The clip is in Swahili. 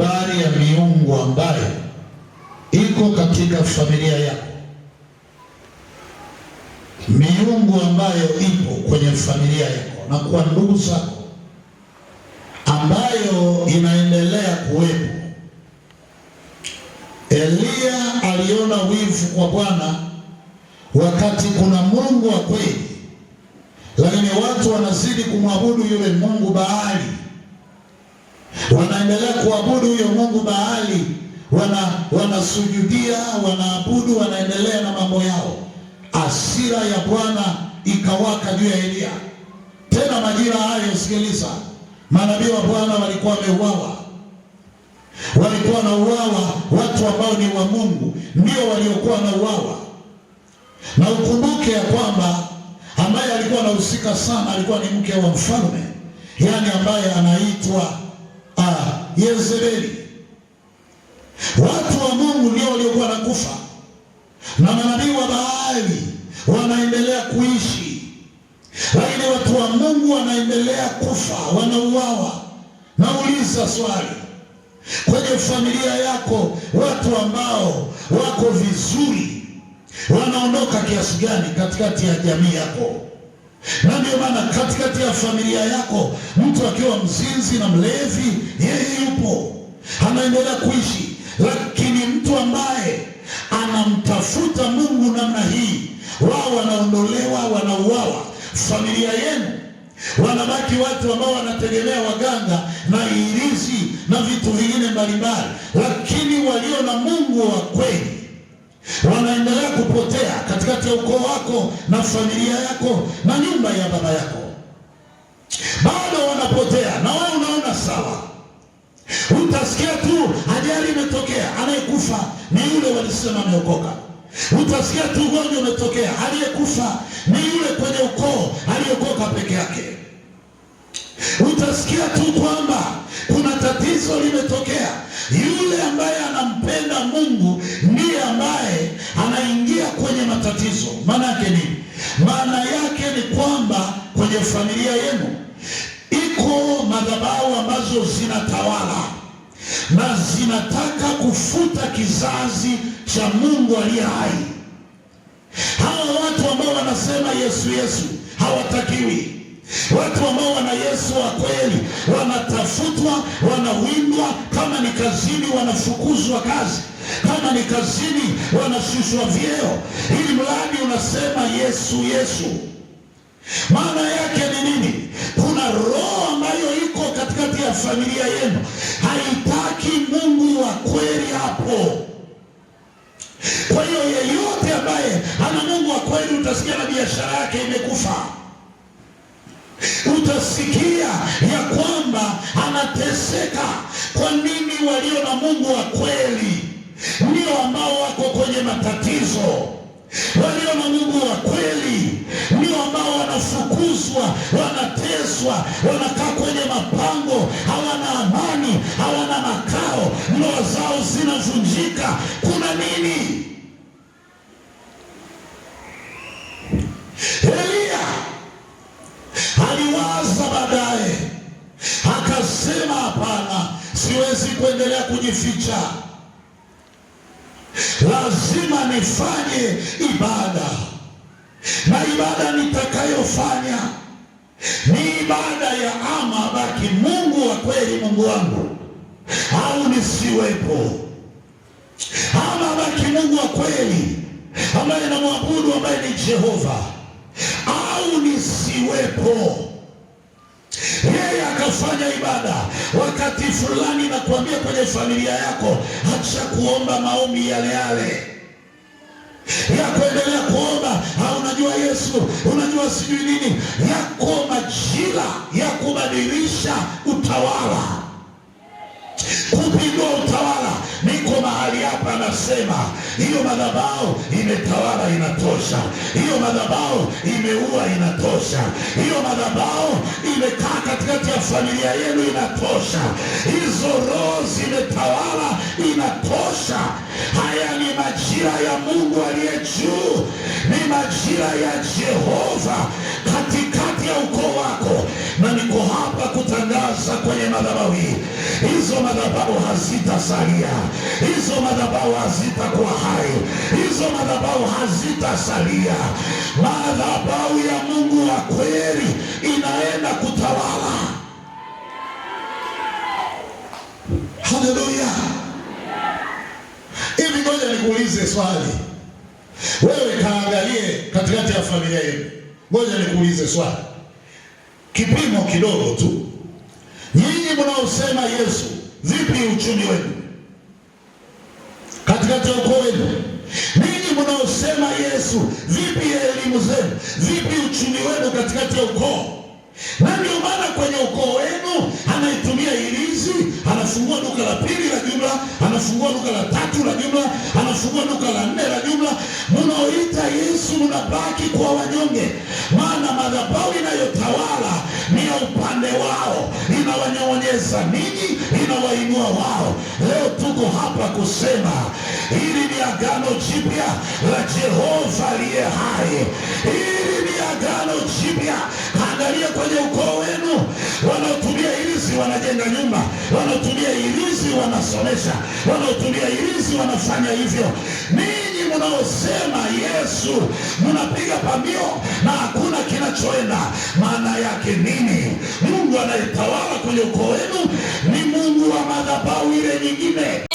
habari ya miungu ambayo iko katika familia yako, miungu ambayo ipo kwenye familia yako na kwa ndugu zako, ambayo inaendelea kuwepo. Eliya aliona wivu kwa Bwana wakati kuna Mungu wa kweli, lakini watu wanazidi kumwabudu yule Mungu Baali wanaendelea kuabudu huyo Mungu Baali, wanasujudia, wanaabudu, wanaendelea na mambo yao. Asira ya Bwana ikawaka juu ya Elia. Tena majira hayo, sikiliza, manabii wa Bwana walikuwa wameuawa, walikuwa na uawa watu ambao ni wa Mungu ndio waliokuwa na uawa na ukumbuke ya kwamba ambaye alikuwa anahusika sana alikuwa ni mke wa mfalme, yaani ambaye anaitwa Yezebeli. Watu wa Mungu ndio waliokuwa nakufa na manabii wa Baali wanaendelea kuishi, lakini watu wa Mungu wanaendelea kufa, wanauawa. Nauliza swali kwenye familia yako, watu ambao wako vizuri wanaondoka kiasi gani katikati ya jamii yako? Na ndio maana katikati ya familia yako mtu akiwa mzinzi na mlevi, yeye yupo anaendelea kuishi, lakini mtu ambaye anamtafuta Mungu namna hii, wao wanaondolewa, wanauawa. Familia yenu wanabaki watu ambao wanategemea waganga na ilizi na vitu vingine mbalimbali, lakini walio na Mungu wa kweli wanaendelea kupotea katikati ya ukoo wako na familia yako na nyumba ya baba yako, bado wanapotea na wewe unaona sawa. Utasikia tu ajali imetokea, anayekufa ni yule walisema ameokoka. Utasikia tu ugonjwa umetokea, aliyekufa ni yule kwenye ukoo aliyeokoka peke yake. Utasikia tu kwamba kuna tatizo limetokea, yule ambaye anampenda Mungu ni ubatizo. Maana yake nini? Maana yake ni kwamba kwenye familia yenu iko madhabahu ambazo zinatawala na zinataka kufuta kizazi cha Mungu aliye hai. Hawa watu ambao wanasema Yesu Yesu hawatakiwi Watu ambao wana Yesu wa kweli wanatafutwa, wanawindwa. Kama ni kazini, wanafukuzwa kazi. Kama ni kazini, wanashushwa vyeo, ili mradi unasema Yesu, Yesu. Maana yake ni nini? Kuna roho ambayo iko katikati ya familia yenu, haitaki Mungu wa kweli hapo. Kwa hiyo yeyote ambaye hana Mungu wa kweli, utasikia na biashara yake imekufa utasikia ya kwamba anateseka. Kwa nini? Walio na Mungu wa kweli ndio ambao wako kwenye matatizo walio na Mungu wa kweli ndio ambao wanafukuzwa, wanateswa, wanakaa kwenye mapango, hawana amani, hawana makao, ndoa zao zinavunjika. Kuna nini? kuendelea kujificha, lazima nifanye ibada, na ibada nitakayofanya ni ibada ya ama baki Mungu wa kweli, Mungu wangu, au nisiwepo. Ama baki Mungu wa kweli ambaye namwabudu, ambaye ni Jehova, au nisiwepo unafanya ibada wakati fulani, nakuambia kwenye familia yako, acha kuomba maombi yale yale ya kuendelea kuomba unajua Yesu, unajua sijui nini, yako majira ya kubadilisha utawala, kupindua utawala anasema hiyo madhabahu imetawala, inatosha. Hiyo madhabahu imeua, inatosha. Hiyo madhabahu imekaa katikati ya familia yenu, inatosha. Hizo roho zimetawala, inatosha. Haya ni majira ya Mungu aliye juu, ni majira ya Jehova katika sasa kwenye madhabahu hii. Hizo madhabahu hazitasalia, hizo madhabahu hazitakuwa hai, hizo madhabahu hazitasalia. Madhabahu ya Mungu wa kweli inaenda kutawala. Haleluya! Hivi ngoja nikuulize swali, wewe kaangalie katikati ya familia yenu. Ngoja nikuulize swali, kipimo kidogo mnaosema Yesu, vipi uchumi wenu katikati ya ukoo wenu? Ninyi mnaosema Yesu, vipi elimu zenu? Vipi uchumi wenu katikati ya ukoo na ndio maana kwenye ukoo wenu anaitumia ilizi, anafungua duka la pili la jumla, anafungua duka la tatu la jumla, anafungua duka la nne la jumla. Munaoita Yesu mnabaki kwa wanyonge, maana madhabahu inayotawala ni ya upande wao, inawanyong'onyeza ninyi, inawainua wao. Leo tuko hapa kusema hili ni agano jipya la Jehova aliye hai, hili ni agano jipya. Angalia kwa kwenye ukoo wenu, wanaotumia ilizi wanajenga nyumba, wanaotumia ilizi wanasomesha, wanaotumia ilizi wanafanya hivyo. Ninyi mnaosema Yesu mnapiga pambio na hakuna kinachoenda. Maana yake nini? Mungu anayetawala kwenye ukoo wenu ni Mungu wa madhabahu ile nyingine.